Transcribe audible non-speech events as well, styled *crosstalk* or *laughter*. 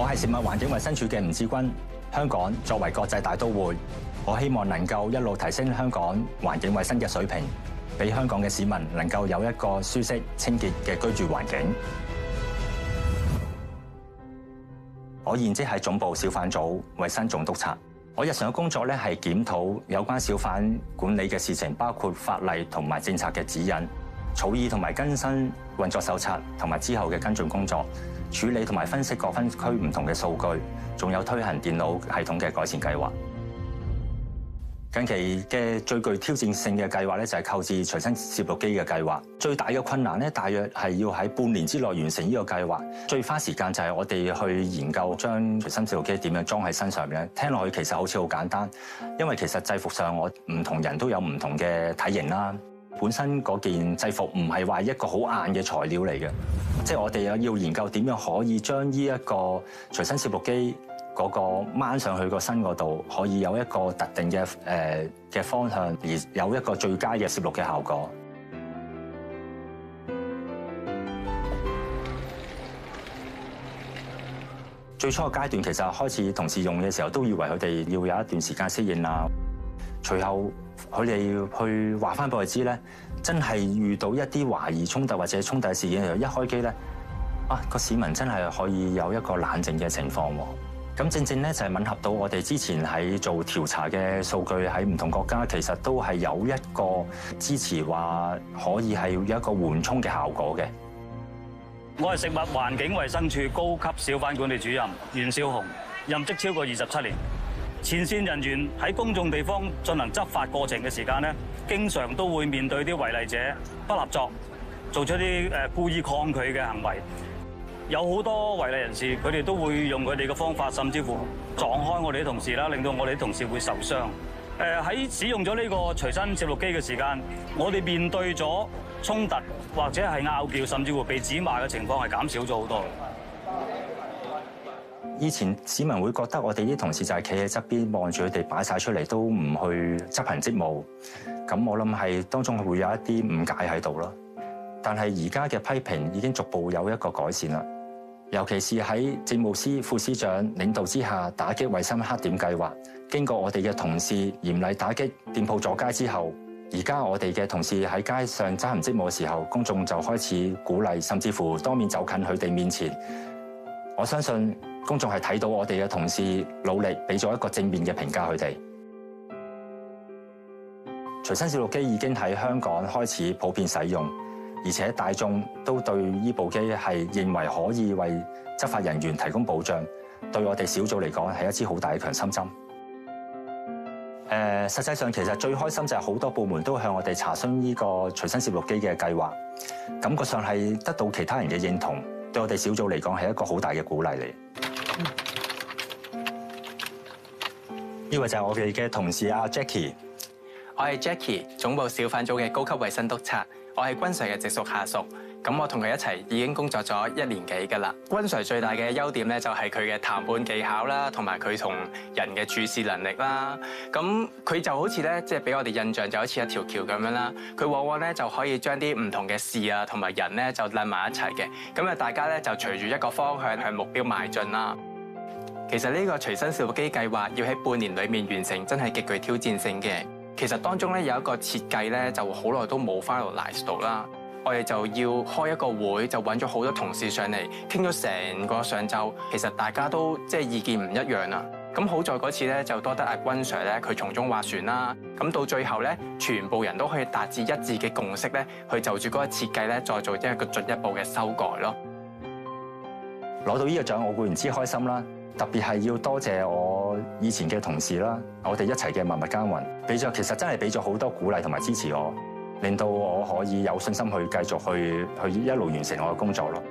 我係食物環境衛生署嘅吳志君。香港作為國際大都會，我希望能夠一路提升香港環境衛生嘅水平，俾香港嘅市民能夠有一個舒適、清潔嘅居住環境。 *music* 我現職係總部小販組衛生總督察。我日常嘅工作咧係檢討有關小販管理嘅事情，包括法例同埋政策嘅指引、草擬同埋更新運作手冊，同埋之後嘅跟進工作。處理同埋分析各分區唔同嘅數據，仲有推行電腦系統嘅改善計劃。近期嘅最具挑戰性嘅計劃咧，就係購置隨身攝錄機嘅計劃。最大嘅困難咧，大約係要喺半年之內完成呢個計劃。最花時間就係我哋去研究將隨身攝錄機點樣裝喺身上面。聽落去其實好似好簡單，因為其實制服上我唔同人都有唔同嘅體型啦。本身嗰件制服唔係話一個好硬嘅材料嚟嘅，即係我哋又要研究點樣可以將呢一個隨身攝錄機嗰個掹上去個身嗰度，可以有一個特定嘅誒嘅方向，而有一個最佳嘅攝錄嘅效果。最初嘅階段，其實開始同事用嘅時候，都以為佢哋要有一段時間適應啦，隨後。佢哋要去話翻俾我哋知咧，真係遇到一啲懷疑衝突或者衝突嘅事件，就一開機咧，啊個市民真係可以有一個冷靜嘅情況喎。咁正正咧就係吻合到我哋之前喺做調查嘅數據，喺唔同國家其實都係有一個支持話可以係有一個緩衝嘅效果嘅。我係食物環境衞生署高級小販管理主任袁少雄，任職超過二十七年。前線人員喺公眾地方進行執法過程嘅時間咧，經常都會面對啲違例者不合作，做出啲誒故意抗拒嘅行為。有好多違例人士，佢哋都會用佢哋嘅方法，甚至乎撞開我哋同事啦，令到我哋啲同事會受傷。誒喺使用咗呢個隨身攝錄機嘅時間，我哋面對咗衝突或者係拗撬，甚至乎被指罵嘅情況係減少咗好多。以前市民會覺得我哋啲同事就係企喺側邊望住佢哋擺晒出嚟都唔去執行職務，咁我諗係當中會有一啲誤解喺度咯。但係而家嘅批評已經逐步有一個改善啦，尤其是喺政務司副司長領導之下打擊衛生黑點計劃，經過我哋嘅同事嚴厲打擊店鋪阻街之後，而家我哋嘅同事喺街上執行職務嘅時候，公眾就開始鼓勵，甚至乎當面走近佢哋面前。我相信公眾係睇到我哋嘅同事努力，俾咗一個正面嘅評價佢哋。隨身攝錄機已經喺香港開始普遍使用，而且大眾都對呢部機係認為可以為執法人員提供保障。對我哋小組嚟講係一支好大嘅強心針。誒，實際上其實最開心就係好多部門都向我哋查詢呢個隨身攝錄機嘅計劃，感覺上係得到其他人嘅認同。對我哋小組嚟講係一個好大嘅鼓勵嚟。呢位就係我哋嘅同事阿 Jackie，我係 Jackie 總部小販組嘅高級衞生督察，我係君 Sir 嘅直屬下屬。咁我同佢一齊已經工作咗一年幾㗎啦。君 Sir 最大嘅優點咧，就係佢嘅談判技巧啦，同埋佢同人嘅處事能力啦。咁佢就好似咧，即係俾我哋印象就好似一條橋咁樣啦。佢往往咧就可以將啲唔同嘅事啊，同埋人咧就攆埋一齊嘅。咁啊，大家咧就隨住一個方向向目標邁進啦。其實呢個隨身攝錄機計劃要喺半年裡面完成，真係極具挑戰性嘅。其實當中咧有一個設計咧，就好耐都冇 finalise 到啦。我哋就要開一個會，就揾咗好多同事上嚟傾咗成個上晝。其實大家都即係意見唔一樣啊。咁好在嗰次咧，就多得阿君 sir 咧，佢從中斡旋啦。咁到最後咧，全部人都可以達至一致嘅共識咧，去就住嗰個設計咧，再做一個進一步嘅修改咯。攞到呢個獎，我固然之開心啦。特別係要多謝我以前嘅同事啦，我哋一齊嘅默默耕耘，俾咗其實真係俾咗好多鼓勵同埋支持我。令到我可以有信心去繼續去去一路完成我嘅工作咯。